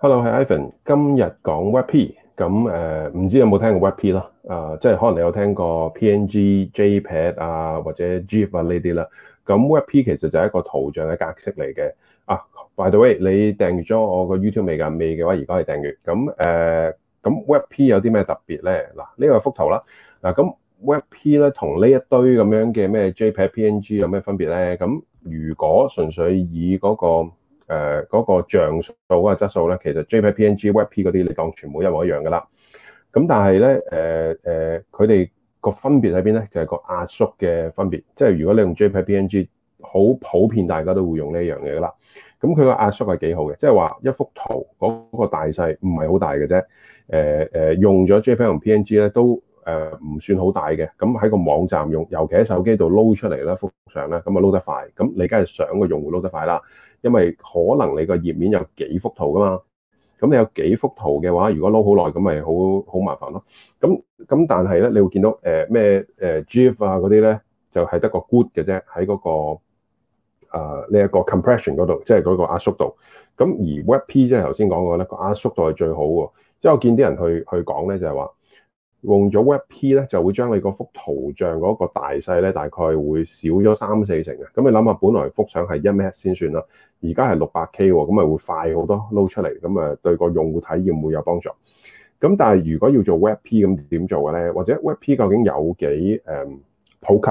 Hello，係 Ivan 今 P,、嗯。今日講 WebP，咁誒唔知有冇聽過 WebP 啦、呃？啊，即係可能你有聽過 PNG、JPEG 啊，或者 GIF 啊呢啲啦。咁 WebP 其實就係一個圖像嘅格式嚟嘅。啊，By the way，你訂咗我個 YouTube 未㗎？未嘅話，而家係訂閱。咁誒，咁、呃、WebP 有啲咩特別咧？嗱、啊，呢、呢個幅圖啦。嗱、啊，咁 WebP 咧同呢一堆咁樣嘅咩 JPEG、PNG 有咩分別咧？咁、啊、如果純粹以嗰、嗰個誒嗰、呃那個像素啊，那個、質素咧，其實 JPEG、PNG、WebP 嗰啲，你當全部一模一樣噶啦。咁但係咧，誒、呃、誒，佢哋個分別喺邊咧？就係、是、個壓縮嘅分別，即、就、係、是、如果你用 JPEG、PNG，好普遍，大家都會用呢一樣嘢噶啦。咁佢個壓縮係幾好嘅，即係話一幅圖嗰個大細唔係好大嘅啫。誒、呃、誒，用咗 JPEG 同 PNG 咧，都誒唔算好大嘅。咁喺個網站用，尤其喺手機度 load 出嚟咧幅相咧，咁啊 load 得快。咁你梗係想個用戶 load 得快啦。因為可能你個頁面有幾幅圖噶嘛，咁你有幾幅圖嘅話，如果撈好耐，咁咪好好麻煩咯。咁咁但係咧，你會見到誒咩、呃、誒、呃、GIF 啊嗰啲咧，就係、是、得個 good 嘅啫，喺嗰、那個啊呢一個 compression 嗰度，即係嗰個壓縮度。咁而 WebP 即係頭先講過咧，個壓縮度係最好喎。即係我見啲人去去講咧，就係話。用咗 WebP 咧，就會將你嗰幅圖像嗰個大細咧，大概會少咗三四成嘅。咁你諗下，本來幅相係一 M S 先算啦，而家係六百 K，咁咪會快好多，load 出嚟，咁誒對個用戶體驗會有幫助。咁但係如果要做 WebP，咁點做嘅咧？或者 WebP 究竟有幾誒普及？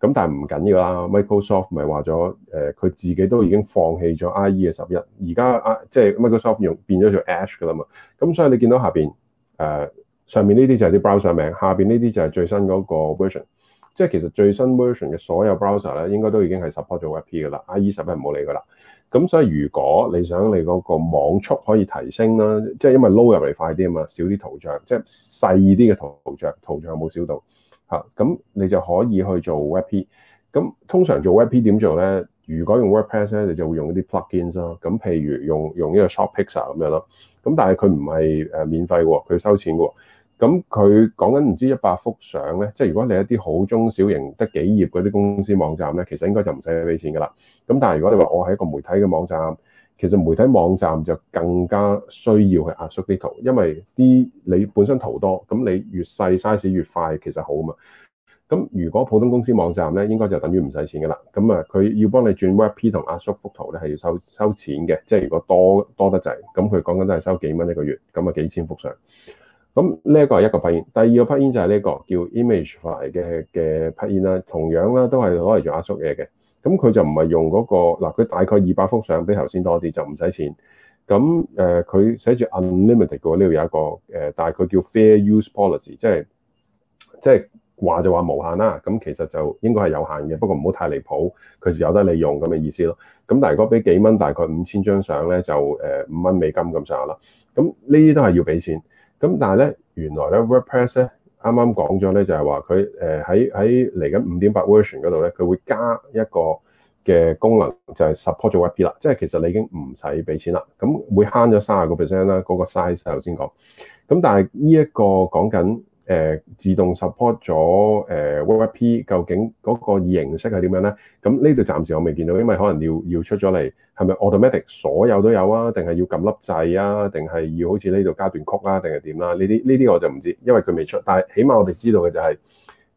咁但係唔緊要啦，Microsoft 咪話咗誒，佢、呃、自己都已經放棄咗 IE 嘅十一，而家啊即係 Microsoft 用變咗做 Edge 㗎啦嘛。咁所以你見到下邊誒、呃、上面呢啲就係啲 browser 名，下邊呢啲就係最新嗰個 version。即係其實最新 version 嘅所有 browser 咧，應該都已經係 support 咗 WebP 㗎啦。啊、了 IE 十一唔好理㗎啦。咁所以如果你想你嗰個網速可以提升啦，即、就、係、是、因為 load 入嚟快啲啊嘛，少啲圖像，即係細啲嘅圖像，圖像有冇少到？嚇，咁你就可以去做 WebP。咁通常做 WebP 點做咧？如果用 WordPress 咧，你就會用啲 plugins 咯。咁譬如用用呢個 ShortPixel 咁樣咯。咁但係佢唔係誒免費喎，佢收錢嘅喎。咁佢講緊唔知一百幅相咧，即係如果你一啲好中小型得幾頁嗰啲公司網站咧，其實應該就唔使俾錢噶啦。咁但係如果你話我係一個媒體嘅網站。其實媒體網站就更加需要去壓縮啲圖，因為啲你本身圖多，咁你越細 size 越快，其實好嘛。咁如果普通公司網站咧，應該就等於唔使錢噶啦。咁啊，佢要幫你轉 WebP 同壓縮幅圖咧，係要收收錢嘅。即係如果多多得滯，咁佢講緊都係收幾蚊一個月，咁啊幾千幅相。咁呢一個係一個 plugin，第二個 plugin 就係呢、這個叫 Imagify 嘅嘅 plugin 啦，同樣啦都係攞嚟做壓縮嘢嘅。咁佢就唔係用嗰個嗱，佢大概二百幅相比頭先多啲，就唔使錢。咁誒，佢寫住 unlimited 嘅喎，呢度有一個誒，但係佢叫 fair use policy，即係即係話就話無限啦。咁其實就應該係有限嘅，不過唔好太離譜，佢就有得你用咁嘅意思咯。咁但係如果俾幾蚊，大概五千張相咧，就誒五蚊美金咁上下啦。咁呢啲都係要俾錢。咁但係咧，原來咧，WordPress 咧。啱啱講咗咧，剛剛就係話佢誒喺喺嚟緊五點八 version 嗰度咧，佢會加一個嘅功能，就係、是、support 咗 WebP 啦。即係其實你已經唔使俾錢啦，咁會慳咗三十個 percent 啦。嗰、那個 size 頭先講，咁但係呢一個講緊。誒、呃、自動 support 咗誒 VIP，、呃、究竟嗰個形式係點樣咧？咁呢度暫時我未見到，因為可能要要出咗嚟，係咪 automatic 所有都有啊？定係要撳粒掣啊？定係要好似呢度加段曲啊？定係點啦？呢啲呢啲我就唔知，因為佢未出。但係起碼我哋知道嘅就係、是。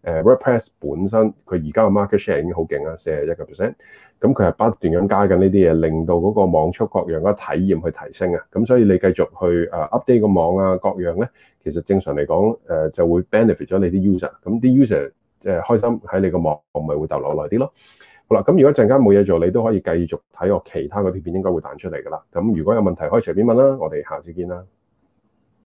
誒 WordPress 本身佢而家嘅 market share 已經好勁啦，四十一個 percent，咁佢係不斷咁加緊呢啲嘢，令到嗰個網速各樣嘅體驗去提升啊，咁所以你繼續去誒 update 個網啊各樣咧，其實正常嚟講誒就會 benefit 咗你啲 user，咁啲 user 即係開心喺你個網咪會逗留耐啲咯。好啦，咁如果陣間冇嘢做，你都可以繼續睇我其他嘅片片，應該會彈出嚟㗎啦。咁如果有問題可以隨便問啦，我哋下次見啦。